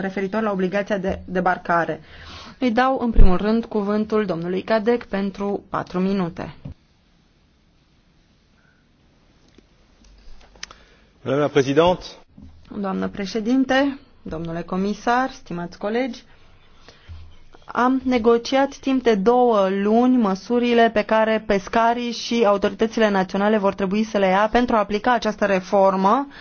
referitor la obligația de debarcare. Îi dau în primul rând cuvântul domnului Cadec pentru patru minute. Doamna președinte, Doamnă președinte, domnule comisar, stimați colegi, am negociat timp de două luni măsurile pe care pescarii și autoritățile naționale vor trebui să le ia pentru a aplica această reformă uh,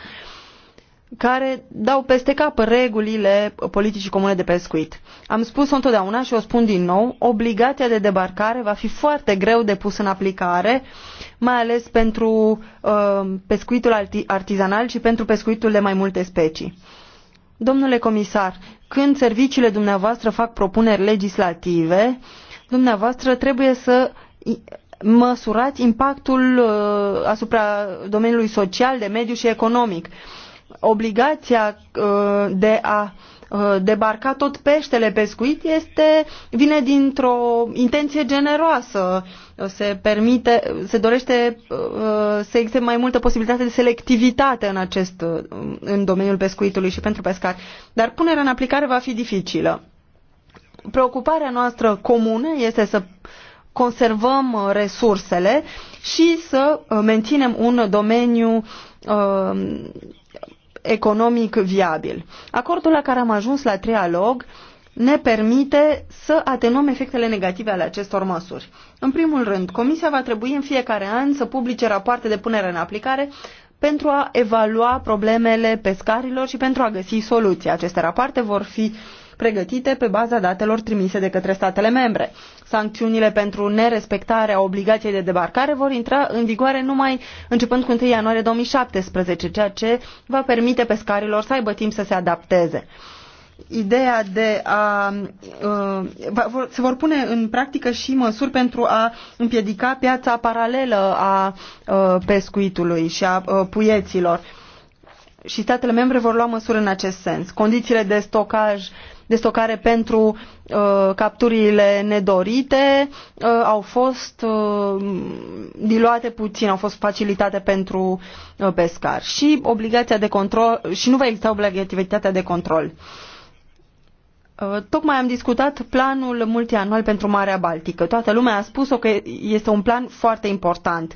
care dau peste cap regulile politicii comune de pescuit. Am spus-o întotdeauna și o spun din nou, obligația de debarcare va fi foarte greu de pus în aplicare, mai ales pentru uh, pescuitul artizanal și pentru pescuitul de mai multe specii. Domnule comisar, când serviciile dumneavoastră fac propuneri legislative, dumneavoastră trebuie să măsurați impactul uh, asupra domeniului social, de mediu și economic. Uh, obligația uh, de a uh, debarca tot peștele pescuit este, vine dintr-o intenție generoasă. Se, permite, se dorește uh, să existe mai multă posibilitate de selectivitate în, acest, în domeniul pescuitului și pentru pescari. Dar punerea în aplicare va fi dificilă. Preocuparea noastră comună este să conservăm resursele și să menținem un domeniu economic viabil. Acordul la care am ajuns la trialog ne permite să atenuăm efectele negative ale acestor măsuri. În primul rând, Comisia va trebui în fiecare an să publice rapoarte de punere în aplicare pentru a evalua problemele pescarilor și pentru a găsi soluții. Aceste rapoarte vor fi uh, pregătite pe baza datelor trimise de către statele membre. Sancțiunile pentru nerespectarea obligației de debarcare vor intra în vigoare numai începând cu 1 ianuarie 2017, ceea ce va permite pescarilor să aibă timp să se adapteze ideea de a. Uh, se vor pune în practică și măsuri pentru a împiedica piața paralelă a uh, pescuitului și a uh, puieților. Și statele membre vor lua măsuri în acest sens. Condițiile de stocaj uh, de stocare pentru uh, capturile nedorite uh, au fost uh, diluate puțin, au fost facilitate pentru uh, pescar și obligația de control și nu va exista obligativitatea de control. Uh, tocmai am discutat planul multianual pentru Marea Baltică. Toată lumea a spus-o că este un plan foarte important.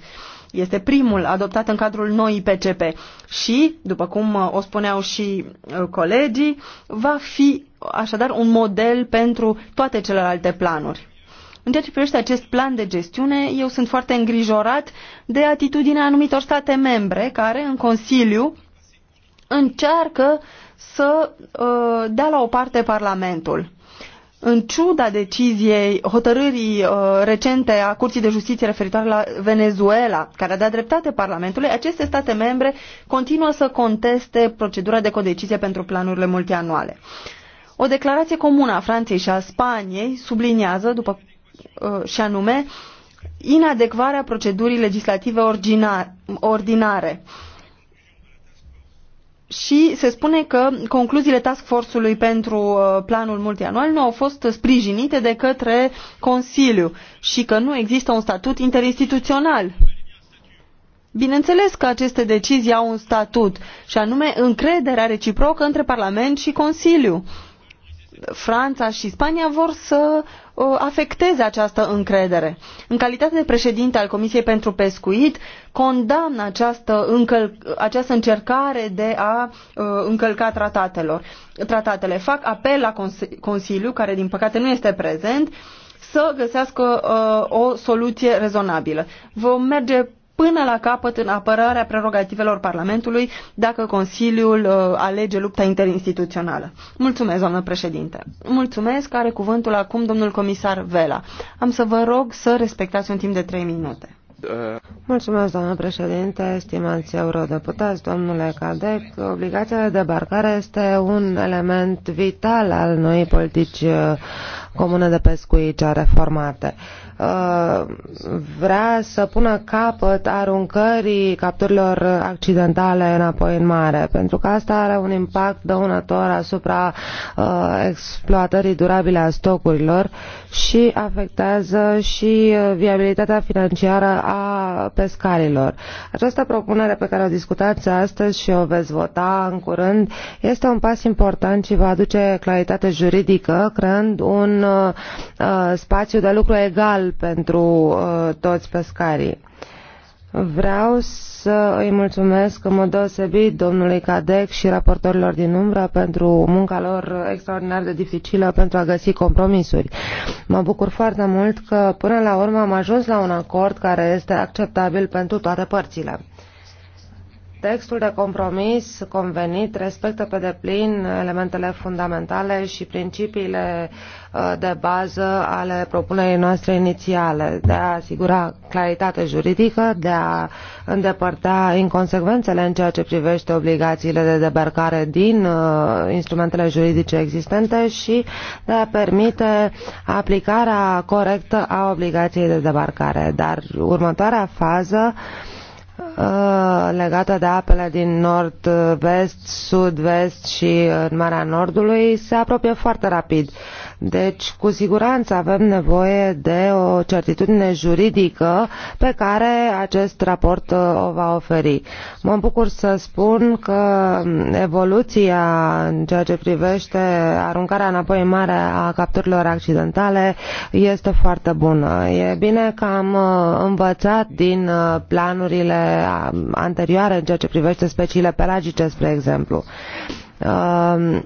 Este primul adoptat în cadrul noii PCP și, după cum uh, o spuneau și uh, colegii, va fi așadar un model pentru toate celelalte planuri. În ceea ce privește acest plan de gestiune, eu sunt foarte îngrijorat de atitudinea anumitor state membre care în Consiliu încearcă să uh, dea la o parte Parlamentul. În ciuda deciziei, hotărârii uh, recente a Curții de Justiție referitoare la Venezuela, care a dat dreptate Parlamentului, aceste state membre continuă să conteste procedura de codecizie pentru planurile multianuale. Uh, o declarație comună a Franței și a Spaniei subliniază, după, uh, și anume, inadecvarea procedurii legislative ordinare. Și se spune că concluziile task force-ului pentru uh, planul multianual nu au fost sprijinite de către Consiliu și că nu există un statut interinstituțional. Bineînțeles că aceste decizii au un statut, și anume încrederea reciprocă între Parlament și Consiliu. Uh, Franța și Spania vor să uh, afecteze această încredere. În calitate de președinte al Comisiei pentru Pescuit, condamn această, încăl- această încercare de a uh, încălca tratatelor. tratatele. Fac apel la Consiliu, care din păcate nu este prezent, să găsească uh, o soluție rezonabilă. Vom merge până la capăt în apărarea prerogativelor Parlamentului dacă Consiliul uh, alege lupta interinstituțională. Mulțumesc, doamnă președinte. Mulțumesc. Are cuvântul acum domnul comisar Vela. Am să vă rog să respectați un timp de trei minute. Mulțumesc, doamnă președinte, stimați eurodeputați, domnule Cadec. Obligația de debarcare este un element vital al noii politici uh, comune de pescuit cea reformate vrea să pună capăt aruncării capturilor accidentale înapoi în mare, pentru că asta are un impact dăunător asupra uh, exploatării durabile a stocurilor și afectează și uh, viabilitatea financiară a pescarilor. Această propunere pe care o discutați astăzi și o veți vota în curând este un pas important și va aduce claritate juridică, creând un uh, uh spațiu de lucru egal pentru uh, toți pescarii. Vreau să îi mulțumesc în mod deosebit domnului Cadec și raportorilor din umbră pentru munca lor extraordinar de dificilă pentru a găsi compromisuri. Mă bucur foarte mult că până la urmă am ajuns la un acord care este acceptabil pentru toate părțile. Textul de compromis convenit respectă pe deplin elementele fundamentale și principiile uh, de bază ale propunerii noastre inițiale de a asigura claritate juridică, de a îndepărta inconsecvențele în ceea ce privește obligațiile de debarcare din uh, instrumentele juridice existente și de a permite aplicarea corectă a obligației de debarcare. Dar următoarea fază uh, Uh, legată de apele din nord-vest, uh, sud-vest și uh, în Marea Nordului se apropie foarte rapid. Uh, deci, cu siguranță avem nevoie de o certitudine juridică pe care acest raport uh, o va oferi. Mă bucur să spun că um, evoluția în ceea ce privește aruncarea înapoi în mare a capturilor accidentale este foarte bună. E bine că am uh, învățat din uh, planurile um, anterioare în ceea ce privește speciile pelagice, spre exemplu um,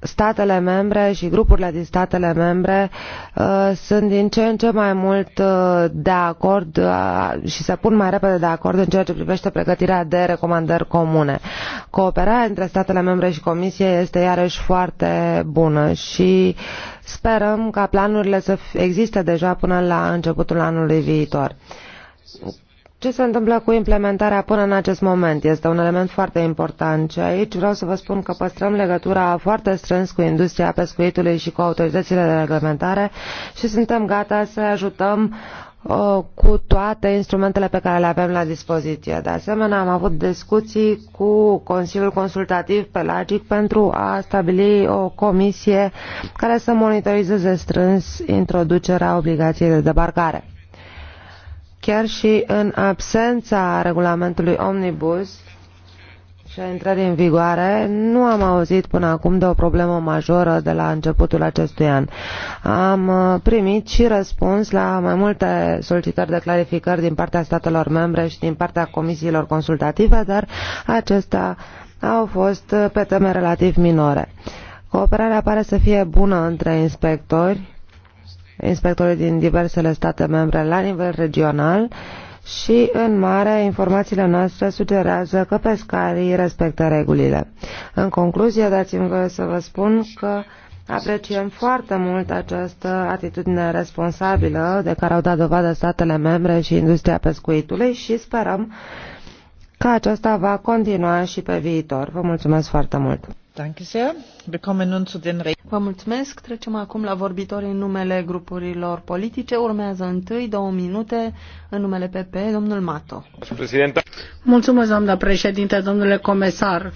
statele membre și grupurile din statele membre uh, sunt din ce în ce mai mult uh, de acord uh, și se pun mai repede de acord în ceea ce privește pregătirea de recomandări comune. Cooperarea între statele membre și Comisie este iarăși foarte bună și sperăm ca planurile să existe deja până la începutul anului viitor ce se întâmplă cu implementarea până în acest moment? Este un element foarte important și aici vreau să vă spun că păstrăm legătura foarte strâns cu industria pescuitului și cu autoritățile de reglementare și suntem gata să ajutăm uh, cu toate instrumentele pe care le avem la dispoziție. De asemenea, am avut discuții cu Consiliul Consultativ Pelagic pentru a stabili o comisie care să monitorizeze strâns introducerea obligației de debarcare chiar și în absența regulamentului Omnibus și a intrării în vigoare, nu am auzit până acum de o problemă majoră de la începutul acestui an. Am uh, primit și răspuns la mai multe solicitări de clarificări din partea statelor membre și din partea comisiilor consultative, dar acestea au fost pe teme relativ minore. Cooperarea pare să fie bună între inspectori, inspectorii din diversele state membre la nivel regional și, în mare, informațiile noastre sugerează că pescarii respectă regulile. În concluzie, dați-mi voie să vă spun că Apreciem foarte mult această atitudine responsabilă de care au dat dovadă statele membre și industria pescuitului și sperăm că aceasta va continua și pe viitor. Vă mulțumesc foarte mult! Vă mulțumesc. Trecem acum la vorbitorii în numele grupurilor politice. Urmează întâi două minute în numele PP, domnul Mato. Mulțumesc, doamna președinte, domnule comisar.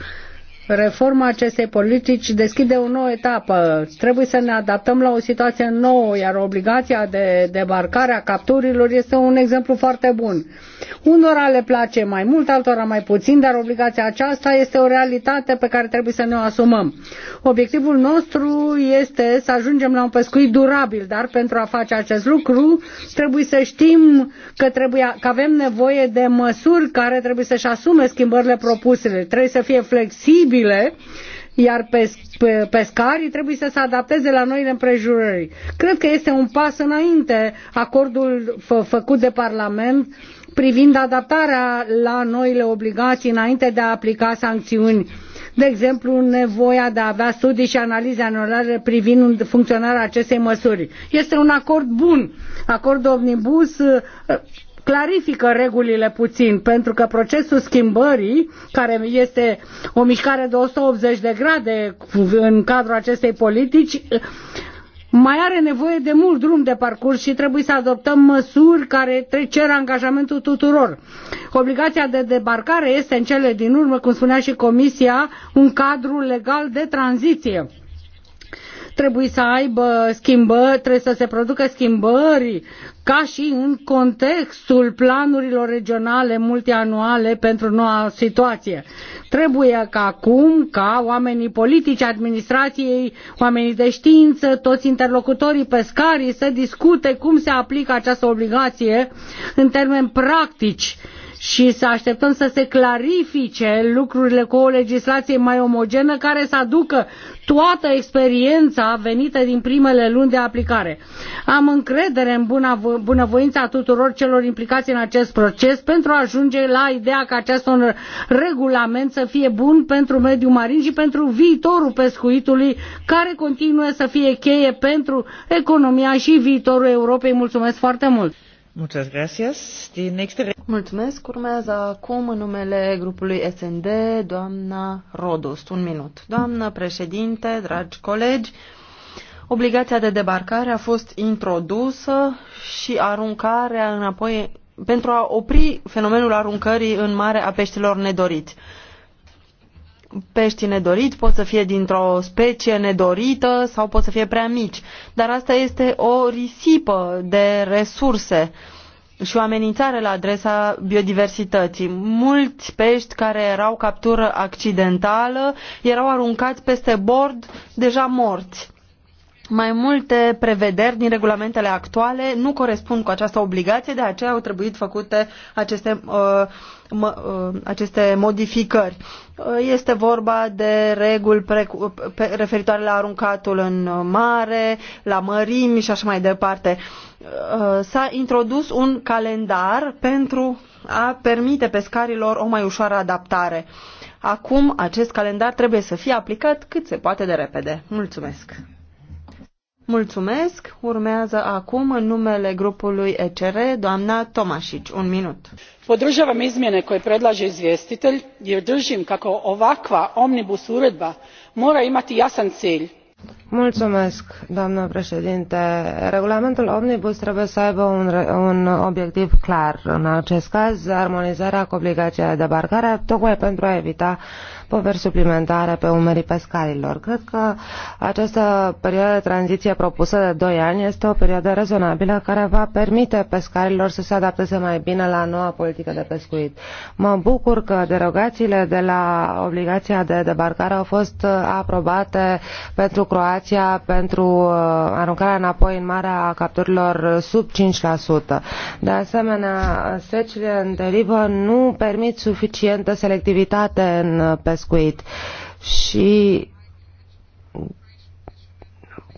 Reforma acestei politici deschide o nouă etapă. Trebuie să ne adaptăm la o situație nouă, iar obligația de debarcare a capturilor este un exemplu foarte bun. Unora le place mai mult, altora mai puțin, dar obligația aceasta este o realitate pe care trebuie să ne o asumăm. Obiectivul nostru este să ajungem la un pescuit durabil, dar pentru a face acest lucru trebuie să știm că, trebuie, că avem nevoie de măsuri care trebuie să-și asume schimbările propuse. Trebuie să fie flexibil posibile, iar pescarii trebuie să se adapteze la noile împrejurări. Cred că este un pas înainte acordul făcut de Parlament privind adaptarea la noile obligații înainte de a aplica sancțiuni de exemplu, nevoia de a avea studii și analize anuale privind funcționarea acestei măsuri. Este un acord bun. Acordul omnibus clarifică regulile puțin, pentru că procesul schimbării, care este o mișcare de 180 de grade în cadrul acestei politici, mai are nevoie de mult drum de parcurs și trebuie să adoptăm măsuri care cer angajamentul tuturor. Obligația de debarcare este în cele din urmă, cum spunea și Comisia, un cadru legal de tranziție trebuie să aibă schimbări, trebuie să se producă schimbări ca și în contextul planurilor regionale multianuale pentru noua situație. Trebuie ca acum, ca oamenii politici, administrației, oamenii de știință, toți interlocutorii pescarii să discute cum se aplică această obligație în termeni practici și să așteptăm să se clarifice lucrurile cu o legislație mai omogenă care să aducă toată experiența venită din primele luni de aplicare. Am încredere în bunavo- bunăvoința tuturor celor implicați în acest proces pentru a ajunge la ideea că acest regulament să fie bun pentru mediul marin și pentru viitorul pescuitului care continuă să fie cheie pentru economia și viitorul Europei. Mulțumesc foarte mult! Mulțumesc. Urmează acum în numele grupului SND, doamna Rodus. Un minut. Doamnă președinte, dragi colegi, obligația de debarcare a fost introdusă și aruncarea înapoi pentru a opri fenomenul aruncării în mare a peștilor nedoriți pești nedoriți, pot să fie dintr-o specie nedorită sau pot să fie prea mici. Dar asta este o risipă de resurse și o amenințare la adresa biodiversității. Mulți pești care erau captură accidentală erau aruncați peste bord deja morți mai multe prevederi din regulamentele actuale nu corespund cu această obligație, de aceea au trebuit făcute aceste, uh, mă, uh, aceste modificări. Uh, este vorba de reguli pre, pe, referitoare la aruncatul în mare, la mărimi și așa mai departe. Uh, S-a introdus un calendar pentru a permite pescarilor o mai ușoară adaptare. Acum acest calendar trebuie să fie aplicat cât se poate de repede. Mulțumesc! Mulțumesc. Urmează acum în numele grupului ECR doamna Tomașici. Un minut. Podržavam izmjene koje predlaže izvjestitelj jer držim kako ovakva omnibus uredba mora imati jasan cilj. Mulțumesc, doamnă președinte. Regulamentul Omnibus trebuie să aibă un, un obiectiv clar. În acest caz, armonizarea cu obligația de barcare, tocmai pentru a evita uh, poveri suplimentare pe umerii pescarilor. Cred că această perioadă de tranziție propusă de 2 ani este o perioadă rezonabilă care va permite pescarilor să se adapteze mai bine la noua politică de pescuit. Mă bucur că derogațiile de la obligația de debarcare au fost aprobate pentru Croația pentru uh, aruncarea înapoi în marea capturilor sub 5%. De asemenea, secile în derivă nu permit suficientă selectivitate în pescuit pescuit și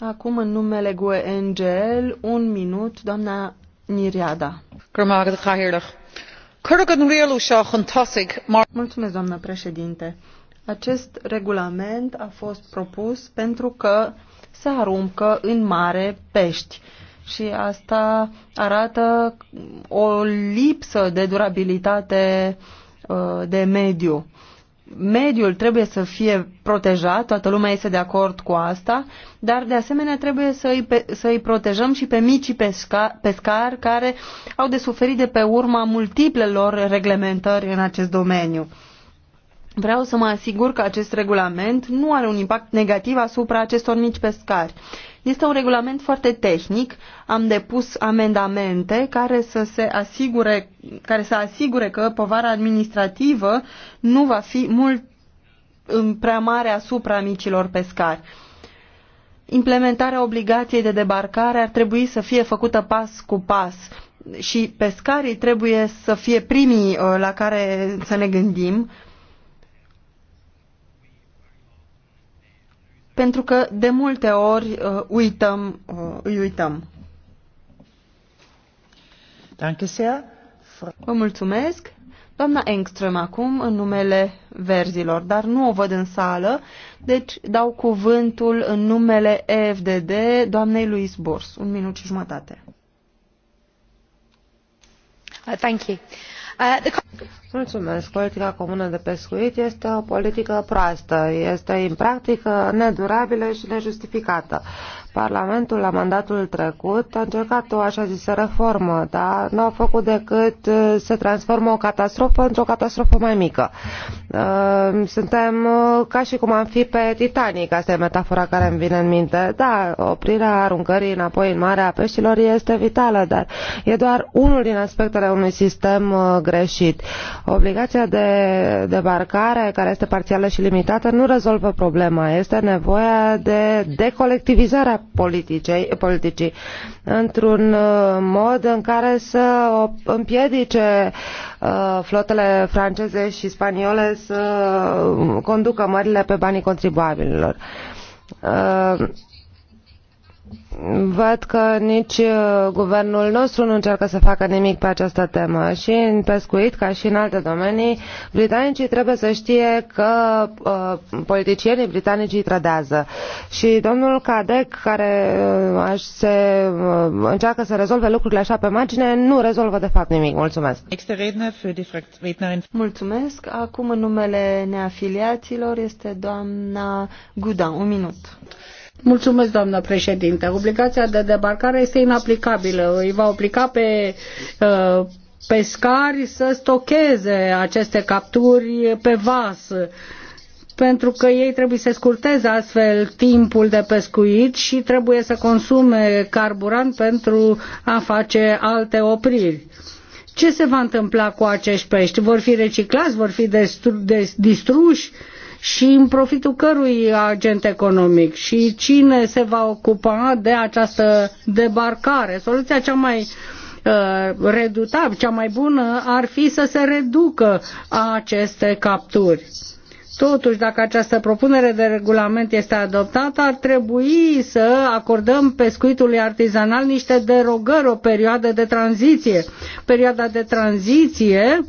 Acum, în numele GUE NGL, un minut, doamna Niriada. Mulțumesc, doamnă președinte. Acest regulament a fost propus pentru că se aruncă în mare pești și asta arată o lipsă de durabilitate uh, de mediu mediul trebuie să fie protejat, toată lumea este de acord cu asta, dar de asemenea trebuie să îi, să îi protejăm și pe micii pesca, pescari care au de suferit de pe urma multiplelor reglementări în acest domeniu. Vreau să mă asigur că acest regulament nu are un impact negativ asupra acestor mici pescari. Este un regulament foarte tehnic. Am depus amendamente care să, se asigure, care să asigure că povara administrativă nu va fi mult prea mare asupra micilor pescari. Implementarea obligației de debarcare ar trebui să fie făcută pas cu pas și pescarii trebuie să fie primii uh, la care să ne gândim pentru că de multe ori uh, uităm, uh, îi uităm. Vă mulțumesc. Doamna Engström acum în numele verzilor, dar nu o văd în sală, deci dau cuvântul în numele EFDD doamnei Luis Bors. Un minut și jumătate. Uh, thank you. Uh, Mulțumesc. Politica comună de pescuit este o politică proastă, este impractică, nedurabilă și nejustificată. Parlamentul, la mandatul trecut, a încercat o așa zisă reformă, dar nu a făcut decât uh, să transformă o catastrofă într-o catastrofă mai mică. Uh, suntem uh, ca și cum am fi pe Titanic, asta e metafora care îmi vine în minte. Da, oprirea aruncării înapoi în marea peștilor este vitală, dar e doar unul din aspectele unui sistem greșit. Obligația de debarcare, care este parțială și limitată, nu rezolvă problema. Este nevoia de decolectivizarea politicii într-un uh, mod în care să împiedice uh, flotele franceze și spaniole să conducă mările pe banii contribuabililor uh, Văd că nici uh, guvernul nostru nu încearcă să facă nimic pe această temă și în pescuit, ca și în alte domenii, britanicii trebuie să știe că uh, politicienii britanici îi trădează. Și domnul Cadec, care uh, se, uh, încearcă să rezolve lucrurile așa pe margine, nu rezolvă de fapt nimic. Mulțumesc! Mulțumesc! Acum în numele neafiliaților este doamna Guda. Un minut. Mulțumesc, doamnă președinte. Obligația de debarcare este inaplicabilă. Îi va obliga pe uh, pescari să stocheze aceste capturi pe vas pentru că ei trebuie să scurteze astfel timpul de pescuit și trebuie să consume carburant pentru a face alte opriri. Ce se va întâmpla cu acești pești? Vor fi reciclați? Vor fi distru- distruși? și în profitul cărui agent economic și cine se va ocupa de această debarcare. Soluția cea mai uh, redutabil, cea mai bună ar fi să se reducă aceste capturi. Totuși, dacă această propunere de regulament este adoptată, ar trebui să acordăm pescuitului artizanal niște derogări, o perioadă de tranziție. Perioada de tranziție uh,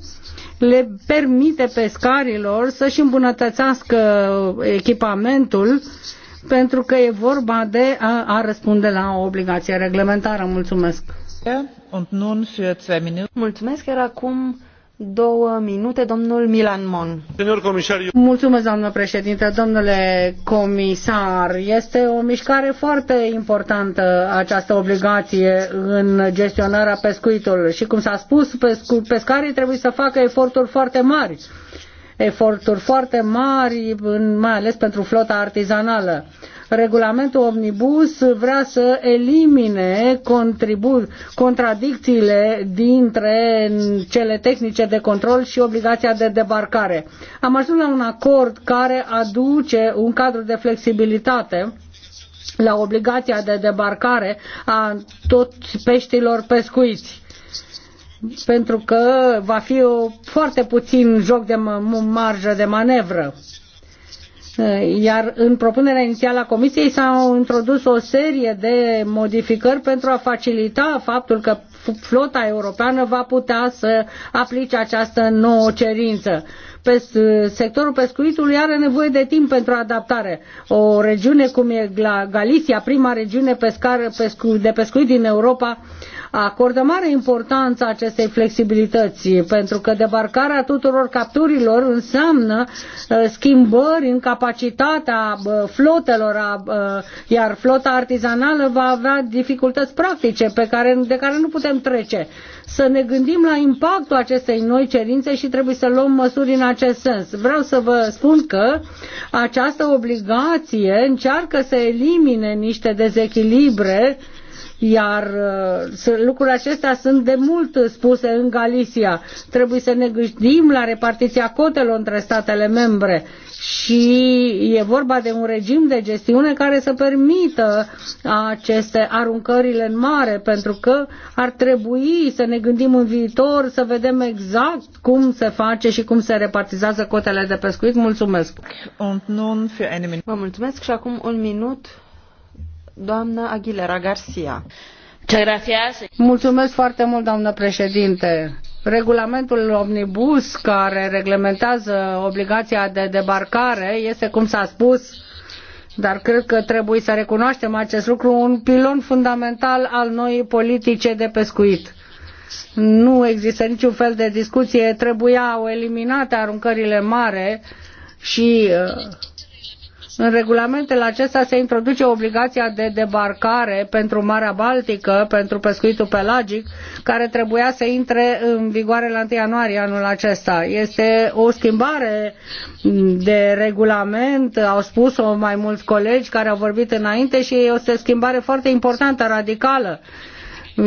le permite pescarilor să-și îmbunătățească echipamentul pentru că e vorba de a, a răspunde la o obligație reglementară. Mulțumesc! Mulțumesc, iar acum Două minute, domnul Milan Mon. Mulțumesc, doamnă președinte, domnule comisar. Este o mișcare foarte importantă această obligație în gestionarea pescuitului și, cum s-a spus, pescu- pescarii trebuie să facă eforturi foarte mari. Eforturi foarte mari, mai ales pentru flota artizanală Regulamentul Omnibus vrea să elimine contradicțiile dintre cele tehnice de control și obligația de debarcare. Am ajuns la un acord care aduce un cadru de flexibilitate la obligația de debarcare a toți peștilor pescuiți pentru că va fi o, foarte puțin joc de marjă de manevră. Eh, iar în propunerea inițială a Comisiei s-au introdus o serie de modificări pentru a facilita faptul că flota europeană va putea să aplice această nouă cerință. Pes, sectorul pescuitului are nevoie de timp pentru adaptare. O regiune cum e Galicia, prima regiune pescar, pescu, de pescuit din Europa, acordă mare importanță acestei flexibilități, pentru că debarcarea tuturor capturilor înseamnă uh, schimbări în capacitatea uh, flotelor, uh, iar flota artizanală va avea dificultăți practice pe care, de care nu putem trece. Să ne gândim la impactul acestei noi cerințe și trebuie să luăm măsuri în acest sens. Vreau să vă spun că această obligație încearcă să elimine niște dezechilibre uh, iar uh, lucrurile acestea sunt de mult spuse în Galicia. Trebuie să ne gândim la repartiția cotelor între statele membre și e vorba de un regim de gestiune care să permită aceste aruncările în mare, pentru că ar trebui să ne gândim în viitor, să vedem exact cum se face și cum se repartizează cotele de pescuit. Mulțumesc! Vă mulțumesc și acum un minut Doamna Aguilera Garcia. Mulțumesc foarte mult, doamnă președinte. Regulamentul omnibus care reglementează obligația de debarcare este, cum s-a spus, dar cred că trebuie să recunoaștem acest lucru, un pilon fundamental al noii politice de pescuit. Nu există niciun fel de discuție, trebuiau eliminate aruncările mare și uh, în regulamentul acesta se introduce obligația de debarcare pentru Marea Baltică, pentru pescuitul pelagic, care trebuia să intre în vigoare la 1 ianuarie anul acesta. Este o schimbare de regulament, au spus-o mai mulți colegi care au vorbit înainte și este o schimbare foarte importantă, radicală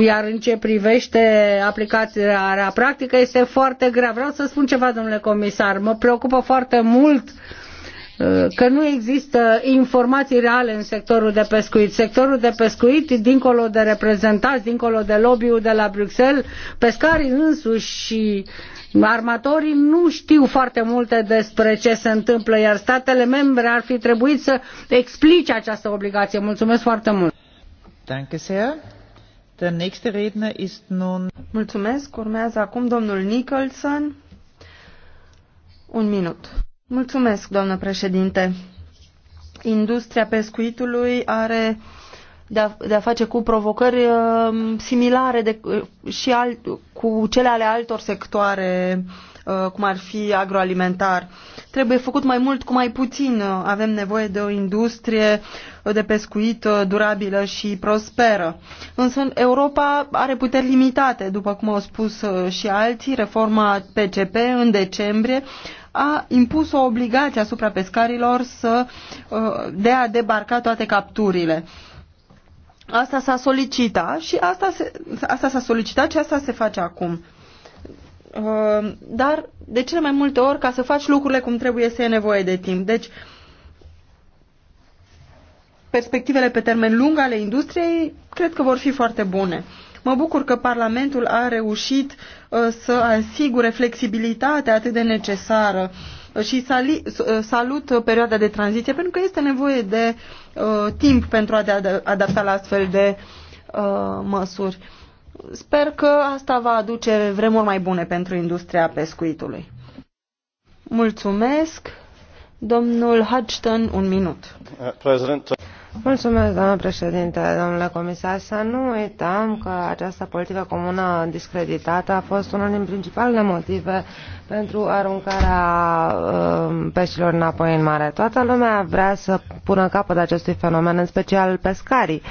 iar în ce privește aplicarea practică este foarte grea. Vreau să spun ceva, domnule comisar, mă preocupă foarte mult uh, Eh, că nu există informații reale în sectorul de pescuit. Sectorul de pescuit, dincolo de reprezentanți, dincolo de lobby-ul de la Bruxelles, pescarii însuși și armatorii nu știu foarte multe despre ce se întâmplă, iar statele membre ar fi trebuit să explice această obligație. Mulțumesc foarte mult! Danke sehr. Der nächste Redner ist nun... Mulțumesc. Urmează acum domnul Nicholson. Un minut. Mulțumesc, doamnă președinte. Industria pescuitului are de-a, de face cu provocări uh, similare de, uh, și al, cu cele ale altor sectoare, uh, cum ar fi agroalimentar. Trebuie făcut mai mult cu mai puțin. Avem nevoie de o industrie de pescuit uh, durabilă și prosperă. Însă Europa are puteri limitate, după cum au spus uh, și alții. Reforma PCP în decembrie a impus o obligație asupra pescarilor să, uh, de a debarca toate capturile. Asta s-a solicitat și asta, se, asta s-a solicitat și asta se face acum. Uh, dar de cele mai multe ori, ca să faci lucrurile cum trebuie, să e nevoie de timp. Deci, perspectivele pe termen lung ale industriei cred că vor fi foarte bune. Mă bucur că Parlamentul a reușit uh, să asigure flexibilitatea atât de necesară uh, și uh, salut perioada de tranziție pentru că este nevoie de timp pentru a te adapta la astfel de măsuri. Sper că asta va aduce vremuri mai bune pentru industria pescuitului. Mulțumesc. Domnul Hudson, un minut. Uh, Mulțumesc, doamnă președinte, domnule comisar. Să nu uităm că această politică comună discreditată a fost unul din principalele motive pentru aruncarea um, peștilor înapoi în mare. Toată lumea vrea să pună capăt acestui fenomen, în special pescarii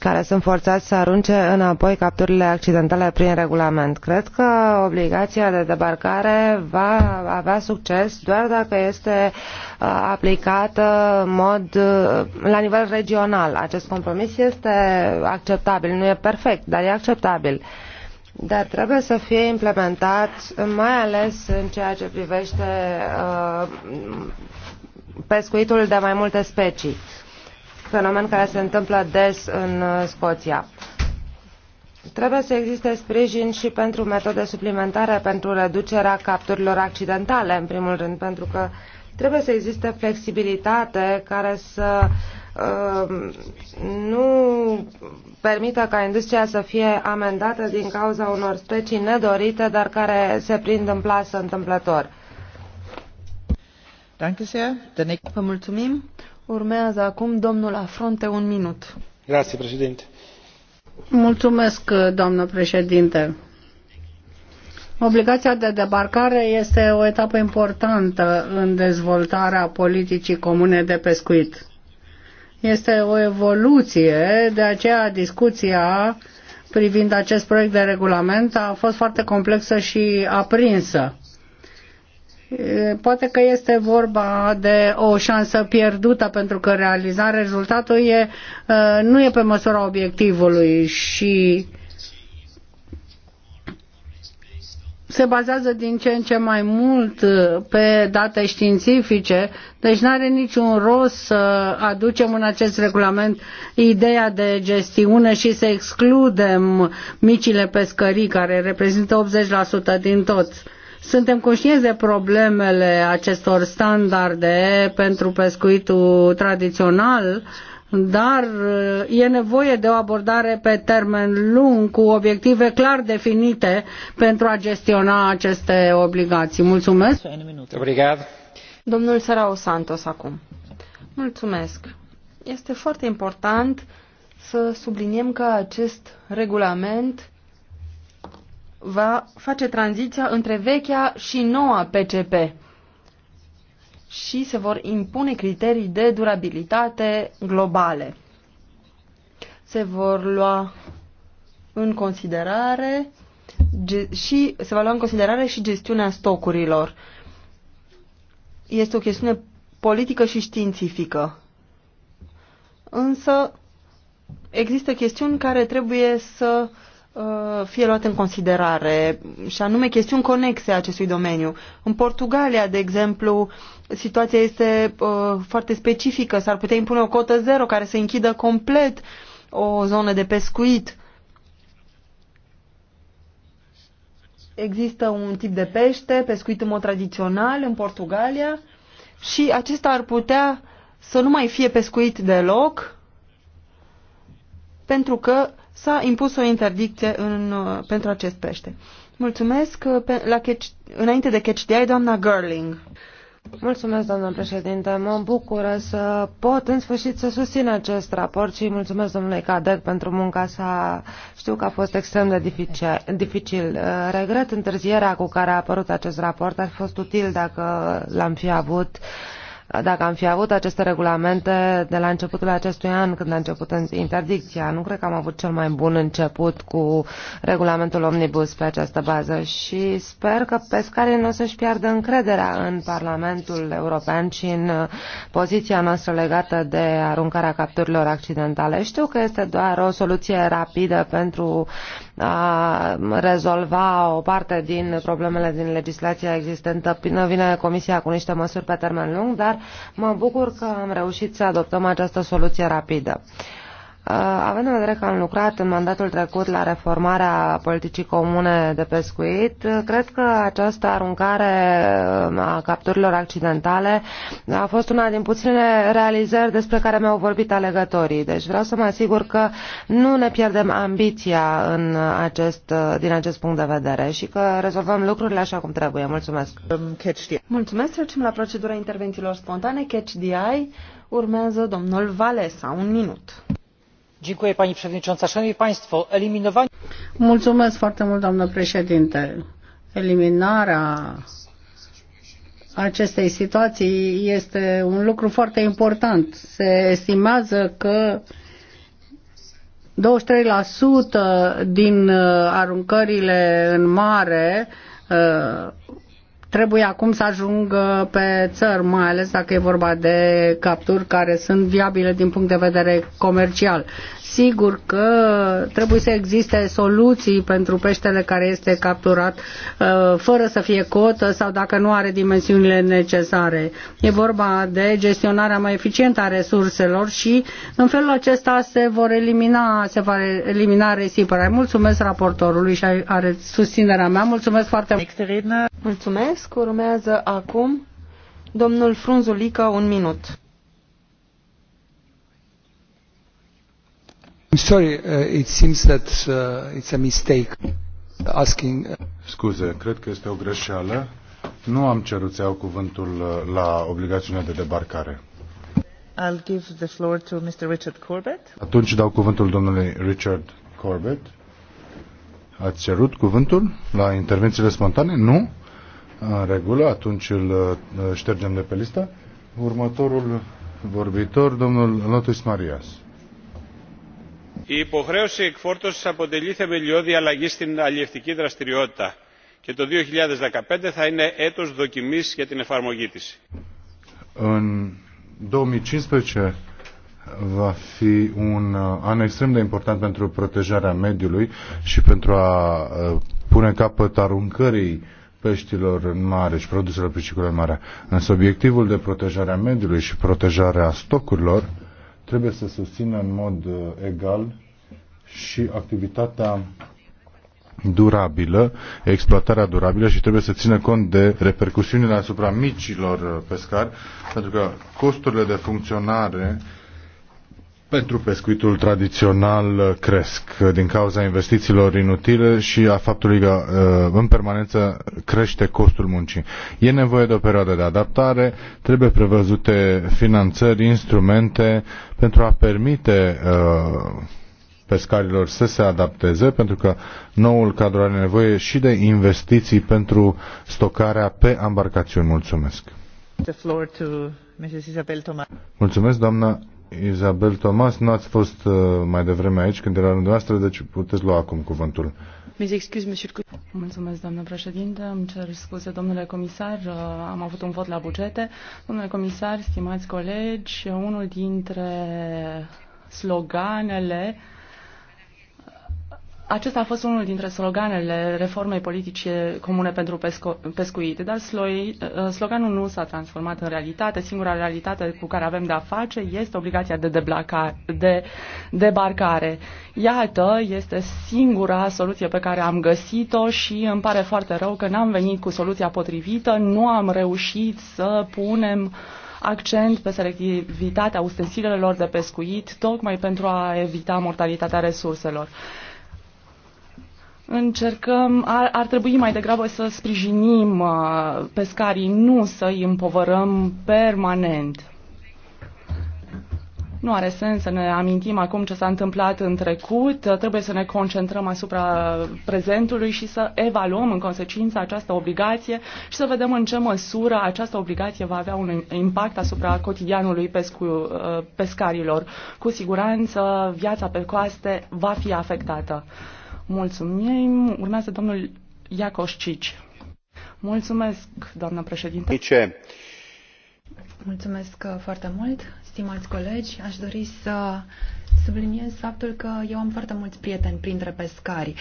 care sunt forțați să arunce înapoi capturile accidentale prin regulament. Cred că obligația de debarcare va avea succes doar dacă este uh, aplicată în mod uh, la nivel regional. Acest compromis este acceptabil, nu e perfect, dar e acceptabil. Dar trebuie să fie implementat, mai ales în ceea ce privește uh, pescuitul de mai multe specii fenomen care se întâmplă des în uh, Scoția. Trebuie să existe sprijin și pentru metode suplimentare pentru reducerea capturilor accidentale, în primul rând, pentru că trebuie să existe flexibilitate care să uh, nu permită ca industria să fie amendată din cauza unor specii nedorite, dar care se prind în plasă întâmplător. Vă mulțumim. Urmează acum domnul Afronte un minut. Grazie, președinte. Mulțumesc, doamnă președinte. Obligația de debarcare este o etapă importantă în dezvoltarea politicii comune de pescuit. Este o evoluție, de aceea discuția privind acest proiect de regulament a fost foarte complexă și aprinsă. Poate că este vorba de o șansă pierdută pentru că realizarea rezultatului e, uh, nu e pe măsura obiectivului și se bazează din ce în ce mai mult uh, pe date științifice, deci nu are niciun rost să aducem în acest regulament ideea de gestiune și să excludem micile pescării care reprezintă 80% din toți suntem conștienți de problemele acestor standarde pentru pescuitul tradițional, dar uh, e nevoie de o abordare pe termen lung cu obiective clar definite pentru a gestiona aceste obligații. Mulțumesc. Domnul Serau Santos acum. Mulțumesc. Este foarte important să subliniem că acest regulament va face tranziția între vechea și noua PCP și se vor impune criterii de durabilitate globale. Se vor lua în considerare și se va lua în considerare și gestiunea stocurilor. Este o chestiune politică și științifică. Însă există chestiuni care trebuie să uh, Uh, fie luat în considerare și anume chestiuni conexe acestui domeniu. În Portugalia, de exemplu, situația este uh, foarte specifică, s-ar putea impune o cotă zero care să închidă complet o zonă de pescuit. Există un tip de pește pescuit în mod tradițional în Portugalia și acesta ar putea să nu mai fie pescuit deloc pentru că s-a impus o interdicție în, uh, pentru acest pește. Mulțumesc. Uh, pe, la catch, înainte de catch de doamna Gerling. Mulțumesc, doamnă președinte. Mă bucură să pot în sfârșit să susțin acest raport și mulțumesc domnului Cadec pentru munca sa. Știu că a fost extrem de dificil. Uh, regret întârzierea cu care a apărut acest raport. Ar fi fost util dacă l-am fi avut. Uh, dacă am fi avut aceste regulamente de la începutul acestui an, când a început interdicția, nu cred că am avut cel mai bun început cu regulamentul Omnibus pe această bază și sper că pescarii nu o să-și piardă încrederea în Parlamentul European și în uh, poziția noastră legată de aruncarea capturilor accidentale. Știu că este doar o soluție rapidă pentru uh, a rezolva o parte din problemele din legislația existentă până vine Comisia cu niște măsuri pe termen lung, dar mă bucur că am reușit să adoptăm această soluție rapidă. Uh, Uh, având în vedere că am lucrat în mandatul trecut la reformarea politicii comune de pescuit, uh, cred că această aruncare uh, a capturilor accidentale a fost una din puținele realizări despre care mi-au vorbit alegătorii. Deci vreau să mă asigur că nu ne pierdem ambiția în acest, din acest punct de vedere și că rezolvăm lucrurile așa cum trebuie. Mulțumesc! Um, Mulțumesc! Trecem la procedura intervențiilor spontane. Catch the eye. Urmează domnul Valesa. Un minut pani przewodnicząca! eliminowanie. mulțumesc foarte mult doamnă președinte eliminarea acestei situații este un lucru foarte important. Se estimează că 23% din uh, aruncările în mare uh, trebuie acum să ajungă pe țări, mai ales dacă e vorba de capturi care sunt viabile din punct de vedere comercial. Sigur că trebuie să existe soluții pentru peștele care este capturat uh, fără să fie cotă sau dacă nu are dimensiunile necesare. E vorba de gestionarea mai eficientă a resurselor și în felul acesta se vor elimina, se va elimina resipăra. Mulțumesc raportorului și are susținerea mea. Mulțumesc foarte mult. Mulțumesc. Urmează acum domnul Frunzulică un minut. I'm sorry, uh, it seems that uh, it's a mistake asking. Uh, Scuze, cred că este o greșeală. Nu am cerut să iau cuvântul uh, la obligațiunea de debarcare. I'll give the floor to Mr. Richard Corbett. Atunci dau cuvântul domnului Richard Corbett. Ați cerut cuvântul la intervențiile spontane? Nu? În regulă, atunci îl uh, ștergem de pe listă. Următorul vorbitor, domnul Lotus Marias η υποχρέωση εκφόρτωσης αποτελεί θεμελιώδη αλλαγή στην αλλιευτική δραστηριότητα και το 2015 θα είναι έτος δοκιμής για την εφαρμογή της. În 2015 va fi un an extrem de important pentru protejarea mediului și pentru a ă, pune capăt aruncării peștilor în mare și produselor piscicole în mare. Însă obiectivul de protejare a mediului și protejarea stocurilor trebuie să susțină în mod uh, egal și activitatea durabilă, exploatarea durabilă și trebuie să țină cont de repercusiunile asupra micilor uh, pescari, pentru că costurile de funcționare pentru pescuitul tradițional uh, cresc din cauza investițiilor inutile și a faptului că uh, în permanență crește costul muncii. E nevoie de o perioadă de adaptare, trebuie prevăzute finanțări, instrumente pentru a permite uh, pescarilor să se adapteze, pentru că noul cadru are nevoie și de investiții pentru stocarea pe embarcațiuni. Mulțumesc! The floor to Mrs. Isabel Mulțumesc, doamna Izabel Thomas, nu ați fost uh, mai devreme aici când era rândul noastră, deci puteți lua acum cuvântul. Mulțumesc, doamnă președinte. Îmi cer scuze, domnule comisar, uh, am avut un vot la bugete. Domnule comisar, stimați colegi, unul dintre sloganele uh, acesta a fost unul dintre sloganele reformei politice comune pentru pesco- pescuit, dar uh, sloganul nu s-a transformat în realitate. Singura realitate cu care avem de-a face este obligația de, deblaca- de debarcare. Iată, este singura soluție pe care am găsit-o și îmi pare foarte rău că n-am venit cu soluția potrivită, nu am reușit să punem accent pe selectivitatea ustensilelor de pescuit, tocmai pentru a evita mortalitatea resurselor încercăm, ar, ar trebui mai degrabă să sprijinim uh, pescarii, nu să îi împovărăm permanent. Nu are sens să ne amintim acum ce s-a întâmplat în trecut, uh, trebuie să ne concentrăm asupra prezentului și să evaluăm în consecință această obligație și să vedem în ce măsură această obligație va avea un impact asupra cotidianului pescu, uh, pescarilor. Cu siguranță viața pe coaste va fi afectată. Mulțumim. Urmează domnul Iacoș Cici. Mulțumesc, doamnă președinte. Ce? Mulțumesc uh, foarte mult, stimați colegi. Aș dori să subliniez faptul că eu am foarte mulți prieteni printre pescari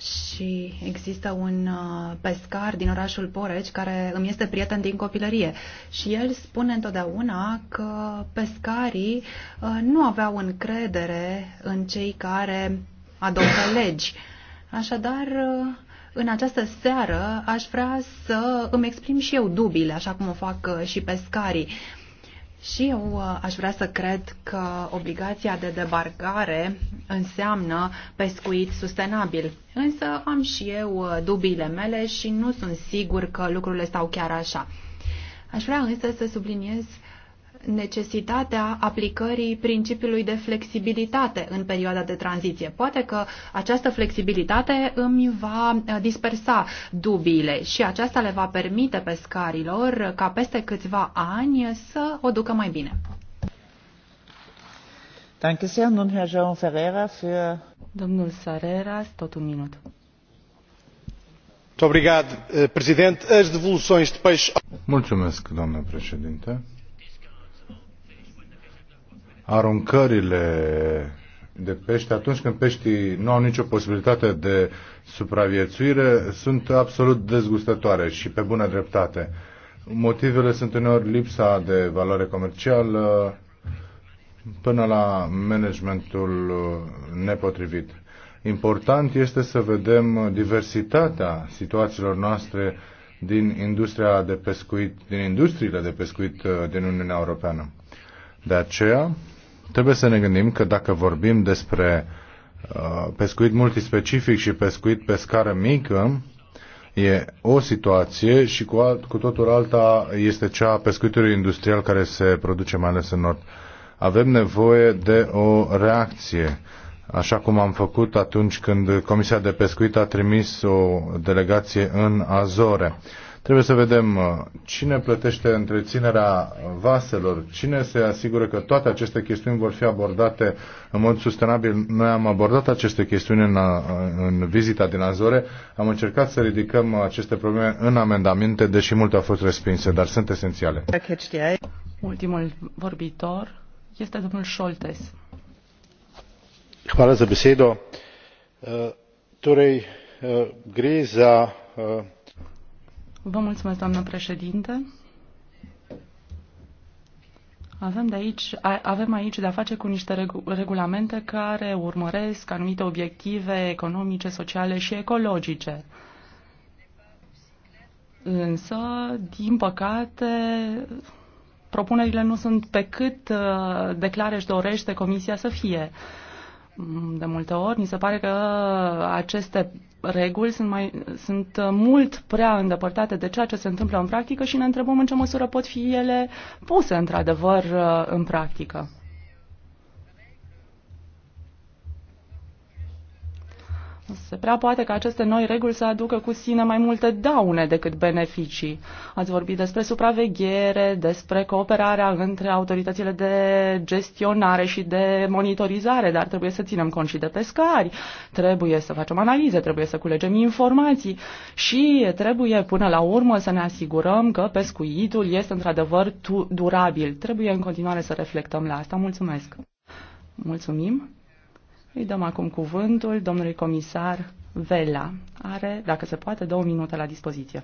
și există un uh, pescar din orașul Poreci care îmi este prieten din copilărie și el spune întotdeauna că pescarii uh, nu aveau încredere în cei care adoptă legi Așadar, în această seară aș vrea să îmi exprim și eu dubile, așa cum o fac uh, și pescarii. Și eu uh, aș vrea să cred că obligația de debarcare înseamnă pescuit sustenabil. Însă am și eu uh, dubiile mele și nu sunt sigur că lucrurile stau chiar așa. Aș vrea însă să subliniez uh, necesitatea aplicării principiului de flexibilitate în perioada de tranziție. Poate că această flexibilitate îmi va eh, dispersa dubiile și aceasta le va permite pescarilor ca peste câțiva ani să o ducă mai bine. Danke sehr. Nun Herr Ferreira für Domnul Sareras, tot un minut. Eh, Mulțumesc, doamnă președinte aruncările de pești, atunci când peștii nu au nicio posibilitate de supraviețuire, sunt absolut dezgustătoare și pe bună dreptate. Motivele sunt uneori lipsa de valoare comercială până la managementul nepotrivit. Important este să vedem diversitatea situațiilor noastre din industria de pescuit, din industriile de pescuit uh, din Uniunea Europeană. De aceea, Trebuie să ne gândim că dacă vorbim despre uh, pescuit multispecific și pescuit pe scară mică, e o situație și cu, alt, cu totul alta este cea a pescuitului industrial care se produce mai ales în nord. Avem nevoie de o reacție, așa cum am făcut atunci când Comisia de Pescuit a trimis o delegație în Azore. Trebuie să vedem uh, cine plătește întreținerea vaselor, cine se asigură că toate aceste chestiuni vor fi abordate în mod sustenabil. Noi am abordat aceste chestiuni în, uh, în vizita din Azore, am încercat să ridicăm aceste probleme în amendamente, deși multe au fost respinse, dar sunt esențiale. Ultimul vorbitor este domnul Scholtes. Hvala za besedo. Uh, torej, gre za Vă mulțumesc, doamnă președinte. Avem, de aici, avem aici de a face cu niște regulamente care urmăresc anumite obiective economice, sociale și ecologice. Însă, din păcate, propunerile nu sunt pe cât uh, declare și dorește Comisia să fie. De multe ori, mi se pare că aceste reguli sunt, mai, sunt uh, mult prea îndepărtate de ceea ce se întâmplă în practică și ne întrebăm în ce măsură pot fi ele puse într-adevăr uh, în practică. Se prea poate că aceste noi reguli să aducă cu sine mai multe daune decât beneficii. Ați vorbit despre supraveghere, despre cooperarea între autoritățile de gestionare și de monitorizare, dar trebuie să ținem cont și de pescari, trebuie să facem analize, trebuie să culegem informații și trebuie până la urmă să ne asigurăm că pescuitul este într-adevăr durabil. Trebuie în continuare să reflectăm la asta. Mulțumesc! Mulțumim! Îi dăm acum cuvântul domnului comisar Vela. Are, dacă se poate, două minute la dispoziție.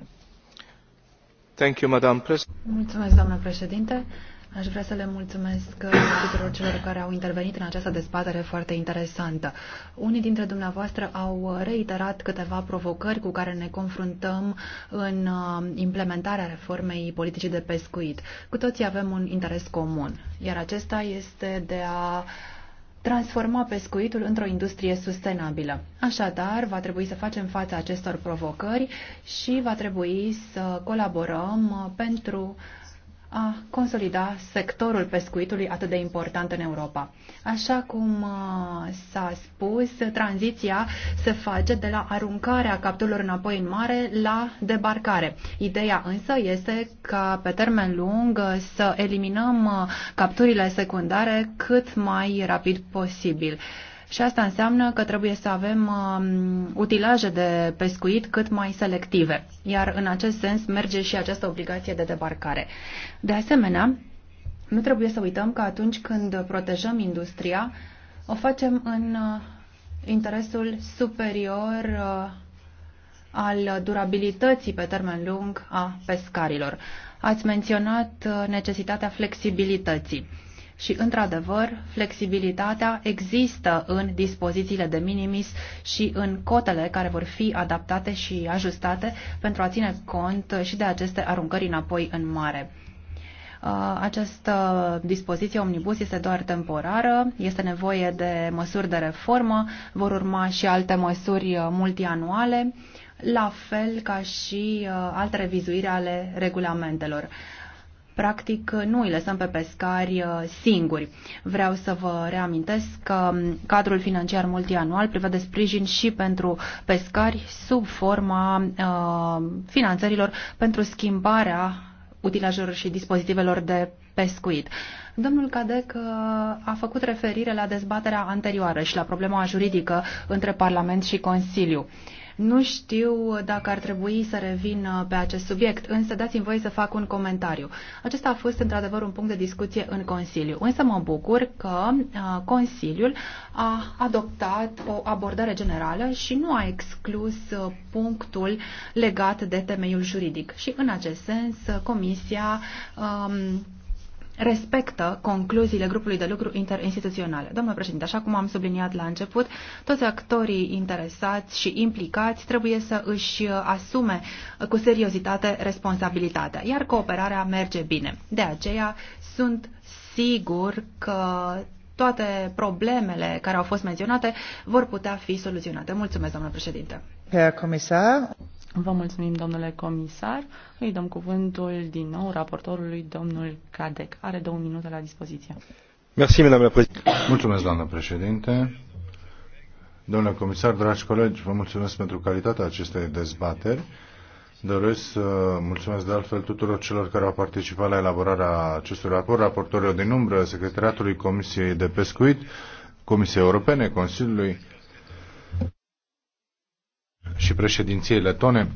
Thank you, Madam Mulțumesc, doamnă președinte. Aș vrea să le mulțumesc tuturor celor care au intervenit în această dezbatere foarte interesantă. Unii dintre dumneavoastră au reiterat câteva provocări cu care ne confruntăm în uh, implementarea reformei politicii de pescuit. Cu toții avem un interes comun, iar acesta este de a uh, transforma pescuitul într-o industrie sustenabilă. Așadar, va trebui să facem față acestor provocări și va trebui să colaborăm pentru a consolida sectorul pescuitului atât de important în Europa. Așa cum uh, s-a spus, tranziția se face de la aruncarea capturilor înapoi în mare la debarcare. Ideea însă este ca pe termen lung să eliminăm uh, capturile secundare cât mai rapid posibil. Și asta înseamnă că trebuie să avem um, utilaje de pescuit cât mai selective. Iar în acest sens merge și această obligație de debarcare. De asemenea, nu trebuie să uităm că atunci când protejăm industria, o facem în uh, interesul superior uh, al durabilității pe termen lung a pescarilor. Ați menționat uh, necesitatea flexibilității și, într-adevăr, flexibilitatea există în dispozițiile de minimis și în cotele care vor fi adaptate și ajustate pentru a ține cont și de aceste aruncări înapoi în mare. Uh, această dispoziție omnibus este doar temporară, este nevoie de măsuri de reformă, vor urma și alte măsuri uh, multianuale, la fel ca și uh, alte revizuiri ale regulamentelor. Practic, nu îi lăsăm pe pescari uh, singuri. Vreau să vă reamintesc că um, cadrul financiar multianual prevede sprijin și pentru pescari sub forma uh, finanțărilor pentru schimbarea utilajelor și dispozitivelor de pescuit. Domnul Cadec uh, a făcut referire la dezbaterea anterioară și la problema juridică între Parlament și Consiliu. Uh, nu știu dacă ar trebui să revin uh, pe acest subiect, însă dați-mi voie să fac un comentariu. Acesta a fost într-adevăr un punct de discuție în Consiliu, însă mă bucur că uh, Consiliul a adoptat o abordare generală și nu a exclus uh, punctul legat de temeiul juridic. Și în acest sens, Comisia um, respectă concluziile grupului de lucru interinstituționale. Domnule președinte, așa cum am subliniat la început, toți actorii interesați și implicați trebuie să își asume cu seriozitate responsabilitatea, iar cooperarea merge bine. De aceea sunt sigur că toate problemele care au fost menționate vor putea fi soluționate. Mulțumesc, domnule președinte. Comisar. Vă mulțumim, domnule comisar. Îi dăm cuvântul din nou raportorului, domnul Cadec. Are două minute la dispoziție. Merci, Mulțumesc, doamnă președinte. Domnule comisar, dragi colegi, vă mulțumesc pentru calitatea acestei dezbateri. Doresc să mulțumesc de altfel tuturor celor care au participat la elaborarea acestui raport, raportorilor din umbră, secretariatului Comisiei de Pescuit, Comisiei Europene, Consiliului, și președinției letone,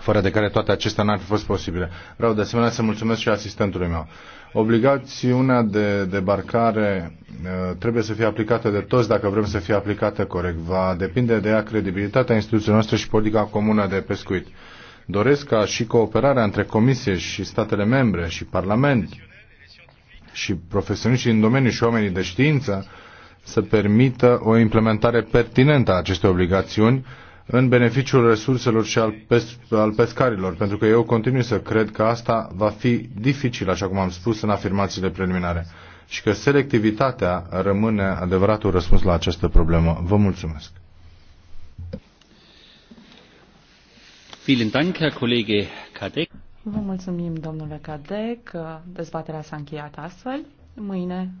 fără de care toate acestea n-ar fi fost posibile. Vreau de asemenea să mulțumesc și asistentului meu. Obligațiunea de debarcare uh, trebuie să fie aplicată de toți dacă vrem să fie aplicată corect. Va depinde de ea credibilitatea instituției noastre și politica comună de pescuit. Doresc ca și cooperarea între Comisie și statele membre și Parlament și profesioniștii în domeniu și oamenii de știință să permită o implementare pertinentă a acestei obligațiuni în beneficiul resurselor și al, pes- al pescarilor, pentru că eu continui să cred că asta va fi dificil, așa cum am spus în afirmațiile preliminare, și că selectivitatea rămâne adevăratul răspuns la această problemă. Vă mulțumesc. Vă mulțumim, domnule Cadec. Dezbaterea s-a încheiat astfel. Mâine